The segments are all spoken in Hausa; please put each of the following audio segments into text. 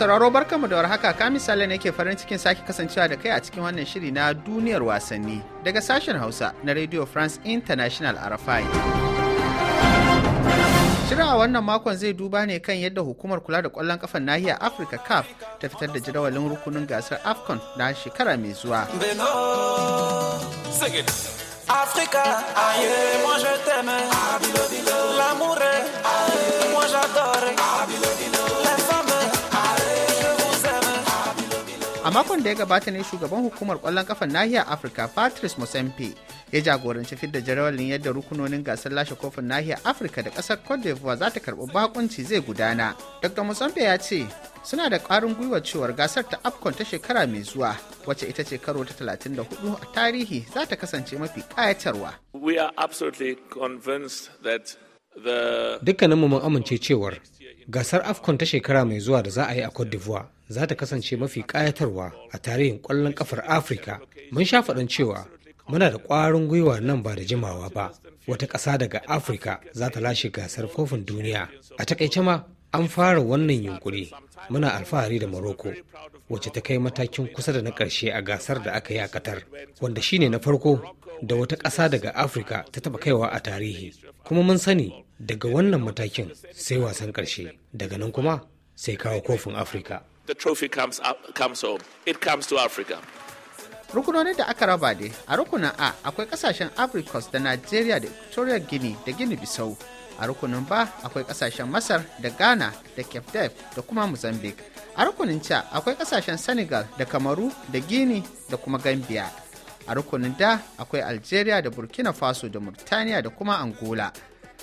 sauraro barkanmu da warhaka ka misali ne ke farin cikin sake kasancewa da kai a cikin wannan shiri na duniyar wasanni daga sashen Hausa na Radio France International RFI. Shirin a wannan makon zai duba ne kan yadda hukumar kula da kwallon kafan nahiyar Afirka CAF ta fitar da jadawalin rukunin gasar AFCON na shekara mai zuwa. Africa, moi je t'aime, l'amour a makon da ya gabata ne shugaban hukumar kwallon kafan nahiyar afirka patrice musempe ya jagoranci fidda jarawalin yadda rukunonin gasar lashe kofin nahiyar afirka da kasar cote d'ivoire za ta karɓi bakunci zai gudana dr musempe ya ce suna da ƙwarin gwiwa cewar gasar ta afcon ta shekara mai zuwa wacce ita ce karo ta 34 a tarihi za ta kasance mafi ƙayatarwa dukkaninmu mun amince cewar gasar afcon ta shekara mai zuwa da za a yi a cote d'ivoire za ta kasance mafi ƙayatarwa a tarihin ƙwallon ƙafar afirka mun sha faɗin cewa muna da ƙwarin gwiwa nan ba da jimawa ba wata ƙasa daga afirka za ta lashe gasar kofin duniya a takaice ma an fara wannan yunƙuri. muna alfahari da Maroko, wacce ta kai matakin kusa da na ƙarshe a gasar da aka yi a qatar wanda shine na farko da wata ƙasa daga afirka ta taɓa kaiwa a tarihi kuma mun sani daga wannan matakin sai wasan ƙarshe daga nan kuma sai kawo kofin afirka it comes to africa rukunonin da aka raba ne a rukunin a akwai kasashen africos da nigeria da equatorial guinea da guinea bissau a rukunin ba akwai kasashen masar da ghana da cape Verde da kuma mozambique a rukunin ca akwai kasashen senegal da kamaru da guinea da kuma gambia a rukunin da akwai algeria da burkina faso da murtaniya da kuma angola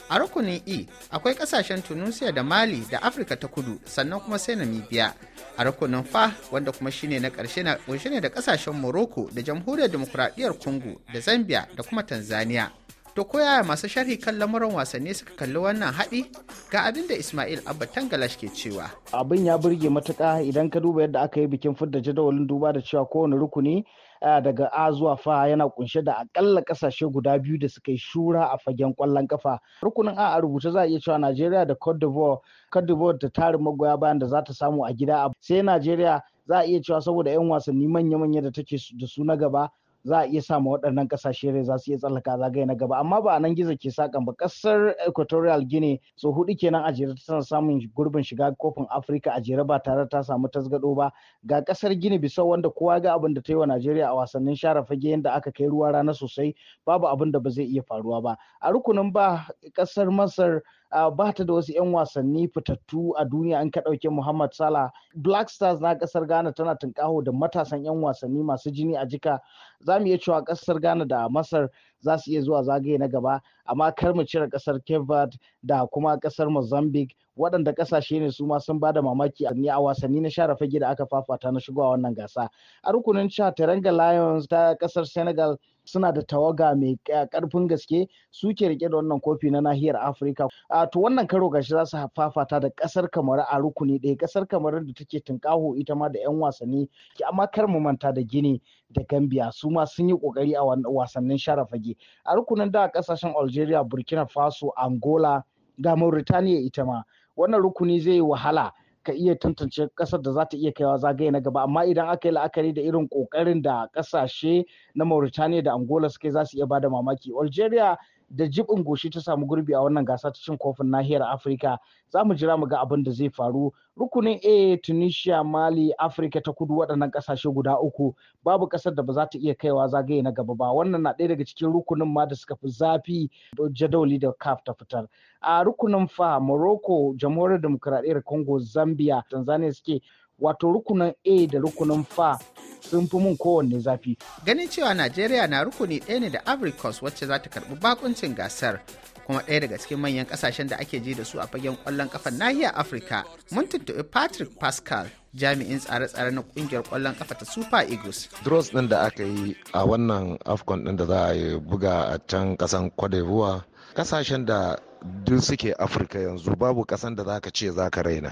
a rukunin e akwai kasashen tunisia da mali da afirka ta kudu sannan kuma sai namibia a rukunin fa wanda kuma shine na karshe na kunshe ne da kasashen morocco da jamhuriyar demokuraɗiyyar congo da zambia da kuma tanzania to koyaya masu sharhi kan lamuran wasanni suka kalli wannan haɗi ga abin da ismail abba tangalash ke cewa abin ya burge matuka idan ka duba yadda aka yi bikin fidda jadawalin duba da cewa kowane rukuni daga A zuwa Fa yana kunshe da akalla kasashe guda biyu da suka yi shura a fagen kwallon kafa. Rukunin A a rubuta za a iya cewa Najeriya da Cote d'Ivoire, Cote d'Ivoire da tarin magoya bayan da za ta samu a gida sai Najeriya za a iya cewa saboda 'yan wasanni manya-manya da take da su na gaba za a iya samu waɗannan ƙasashe rai za su iya tsallaka zagaye na gaba amma ba a nan gizo ke sakan ba ƙasar equatorial guinea so hudu kenan a jere tana samun gurbin shiga kofin afirka a jere ba tare ta samu tasgado ba ga ƙasar guinea bisa wanda kowa ga abin da ta yi wa najeriya a wasannin share fage yadda aka kai ruwa rana sosai babu abin da ba zai iya faruwa ba a rukunin ba ƙasar masar Ah, ba ta da wasu 'yan wasanni fitattu a duniya an ka ɗauke Muhammad Salah. Black Stars na ƙasar Ghana tana tunƙaho da matasan 'yan wasanni masu jini a jika. Za mu iya cewa ƙasar Ghana da Masar za su iya zuwa zagaye na gaba amma kar mu cire kasar Cape da kuma kasar Mozambique waɗanda ƙasashe ne su ma sun bada mamaki a wasanni na share fage da aka fafata na shigowa wannan gasa a rukunin cha Teranga Lions ta kasar Senegal suna da tawaga mai karfin gaske Su ke rike da wannan kofi na nahiyar afirka a to wannan karo gashi za su fafata da ƙasar kamar a rukuni ɗaya Ƙasar kamar da take tunkaho ita ma da 'yan wasanni amma kar mu manta da gini da gambia su ma sun yi kokari a wasannin share fage a rukunin da kasashen algeria burkina faso angola ga mauritania ita ma wannan rukuni zai yi wahala ka iya tantance kasar da za ta iya kaiwa zagaye na gaba amma idan aka yi la'akari da irin kokarin da kasashe na Mauritania da Angola suke za su iya bada mamaki Algeria da jibin goshi ta samu gurbi a wannan gasa ta cin kofin nahiyar afirka za mu jira mu ga abin da zai faru rukunin a tunisia mali afirka ta kudu waɗannan ƙasashe guda uku babu ƙasar da ba za ta iya kaiwa zagaye na gaba ba wannan na ɗaya daga cikin rukunin ma da suka fi zafi jadawali da caf ta fitar a rukunin fa morocco jamhuriyar demokuraɗiyyar congo zambia tanzania suke wato rukunin a da rukunin fa sun fi mun kowanne zafi. Ganin cewa Najeriya na rukuni ɗaya ne da Africa wacce za ta karɓi bakuncin gasar kuma ɗaya daga cikin manyan ƙasashen da ake ji da su a fagen ƙwallon ƙafa nahiyar afirka mun tuntuɓi patrick pascal jami'in tsare-tsare na ƙungiyar ƙwallon ƙafa ta super eagles draws ɗin da aka yi a wannan afcon ɗin da za a yi buga a can ƙasan cote ƙasashen kasashen da duk suke afirka yanzu babu ƙasan da zaka ce zaka raina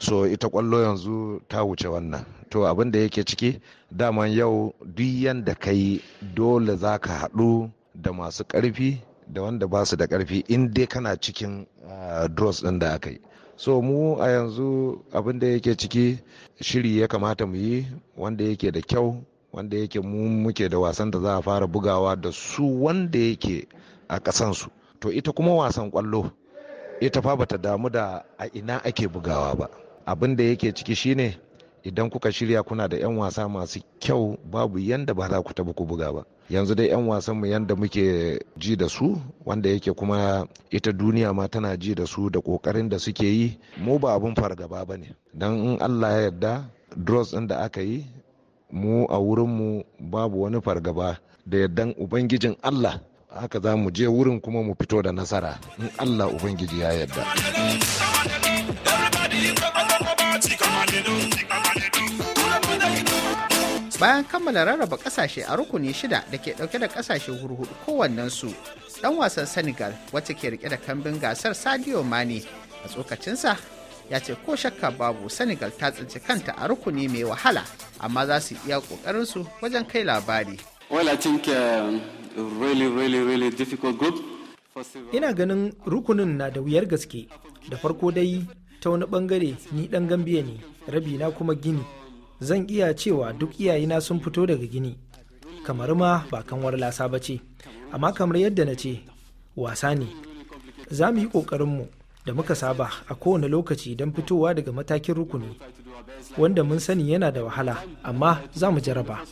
so ita ƙwallo yanzu ta wuce wannan to abin da yake ciki daman yau duk yanda kai dole zaka haɗu da masu ƙarfi da wanda ba su da karfi in dai kana cikin ah, draws din da aka yi so mu a yanzu abin da yake ciki shiri ya kamata mu yi wanda yake da kyau wanda yake mu muke da wasan da za a fara bugawa da su wanda yake a kasansu to ita kuma wasan kwallo ita fa bata damu da a ina ake bugawa ba abin da yake ciki shine idan kuka shirya kuna da 'yan wasa masu kyau babu yanda ba za ku taɓa ku buga ba yanzu dai 'yan wasan mu yanda muke ji da su wanda yake kuma ita duniya ma tana ji da su da kokarin da suke yi mu ba abin fargaba ba ne don in allah ya yarda drugs ɗin da aka yi mu a wurinmu babu wani fargaba da yadda ubangijin allah haka za mu je wurin kuma mu fito da nasara in allah ubangiji ya yarda bayan kammala rarraba kasashe a rukuni shida da ke dauke da kasashe hurhudu su dan wasan senegal wacce ke rike da kambin gasar sadio mani a tsokacinsa ya ce ko shakka babu senegal ta tsinci kanta a rukuni mai wahala amma za su iya kokarinsu wajen kai labari uh, ina ganin rukunin na da wuyar gaske da farko dai ta wani bangare ni dan gambiya ne rabi na kuma gini zan iya cewa duk iyayena sun fito daga gini kamar ma ba kanwar lasa ba ce amma kamar yadda na ce wasa ne za mu yi ƙoƙarinmu da muka saba a kowane lokaci don fitowa daga matakin rukuni wanda mun sani yana da wahala amma za mu jaraba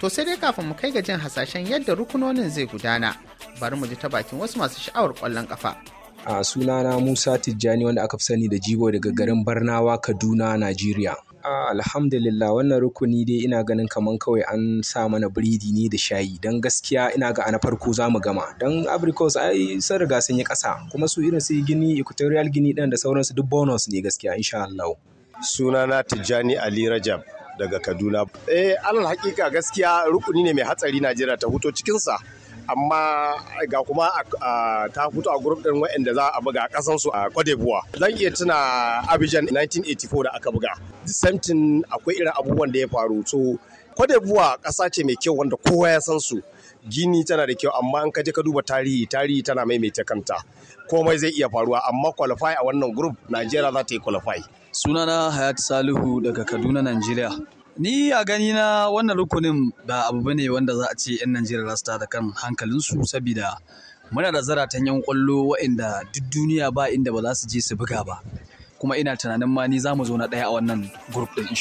to sai dai kafin mu kai ga jin hasashen yadda rukunonin zai gudana bari mu ji ta bakin wasu masu sha'awar ƙwallon ƙafa A sunana Musa Tijjani wanda aka fi sani da Jibo daga garin Barnawa, Kaduna, Najeriya. Alhamdulillah wannan rukuni dai ina ganin kamar kawai an sa mana biredi ne da shayi don gaskiya ina ga ana farko za mu gama don abricos ai sun riga sun yi ƙasa kuma su irin su gini equatorial gini ɗin da sauransu duk bonus ne gaskiya insha Allah. Sunana Tijjani Ali Rajab daga Kaduna. Eh alal hakika gaskiya rukuni ne mai hatsari Najeriya ta huto cikinsa. amma ga kuma ta fito a gurup ɗin waɗanda za a buga a su a Cote d'Ivoire zan iya tuna Abidjan 1984 da aka buga the same thing akwai irin abubuwan da ya faru So Cote d'Ivoire ƙasa ce mai kyau wanda kowa ya san su gini tana da kyau amma in ka je ka duba tarihi tarihi tana maimaita kanta komai zai iya faruwa amma qualify a wannan group Najeriya za ta yi qualify sunana Hayat Salihu daga Kaduna Najeriya Ni a gani na wannan rukunin ba abu bane wanda za a ce 'yan Najeriya za su tada kan hankalinsu saboda muna da zaratan 'yan kwallo wa'inda duk duniya ba inda ba za su je su buga ba. Kuma ina tunanin ma ni za mu zo na ɗaya a wannan group ɗin in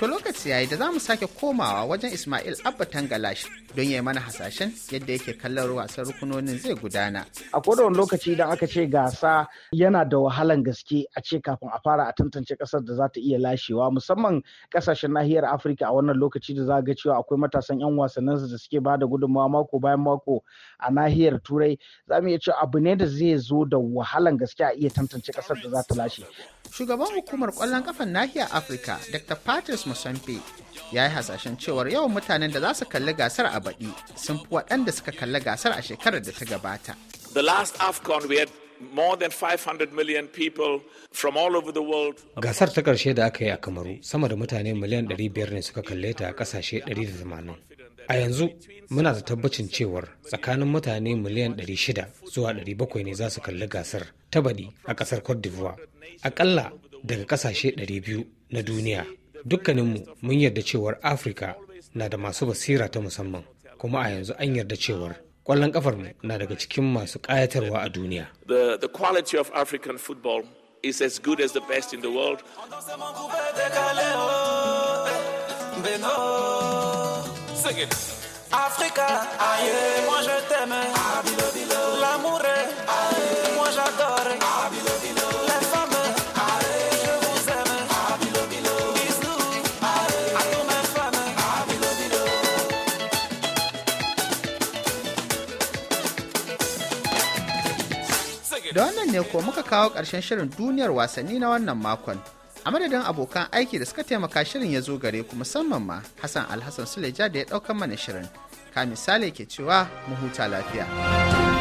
To lokaci yayi da zamu sake komawa wajen Ismail Abba Tangalash don ya mana hasashen yadda yake kallon wasan rukunonin zai gudana. A kodawan lokaci idan aka ce gasa yana da wahalan gaske a ce kafin a fara a tantance kasar da za ta iya lashewa musamman kasashen nahiyar Afirka a wannan lokaci da za ga cewa akwai matasan 'yan wasannin da suke ba da gudunmawa mako bayan mako a nahiyar Turai za mu iya cewa abu ne da zai zo da wahalan gaske a iya tantance kasar da za ta lashe. shugaban hukumar kwallon kafan nahiyar afirka dr patrice musampe ya yi hasashen cewar yawan mutanen da za su kalli gasar a baɗi sun fi waɗanda suka kalli gasar a shekarar da ta gabata Gasar ta ƙarshe da aka yi a Kamaru, sama da mutane miliyan 500 ne suka kalle ta a ƙasashe 180. a yanzu muna da tabbacin cewar tsakanin mutane miliyan 600 zuwa 700 ne za su kalli gasar ta baɗi a ƙasar cote d'ivoire aƙalla daga ƙasashe 200 na duniya dukkaninmu mun yarda cewar afirka na da masu basira ta musamman kuma a yanzu an yarda cewar kwallon ƙwallon mu na daga cikin masu kayatarwa a duniya is as good as best in again. Africa, aïe, moi je t'aime. L'amour est, moi j'adore. Les femmes, je vous Da wannan ne ko muka kawo ƙarshen shirin duniyar wasanni na wannan makon. a madadin abokan aiki da suka taimaka shirin ya zo gare ku musamman ma hassan alhassan suleja da ya ɗaukar mana shirin ka misali ke cewa mu huta lafiya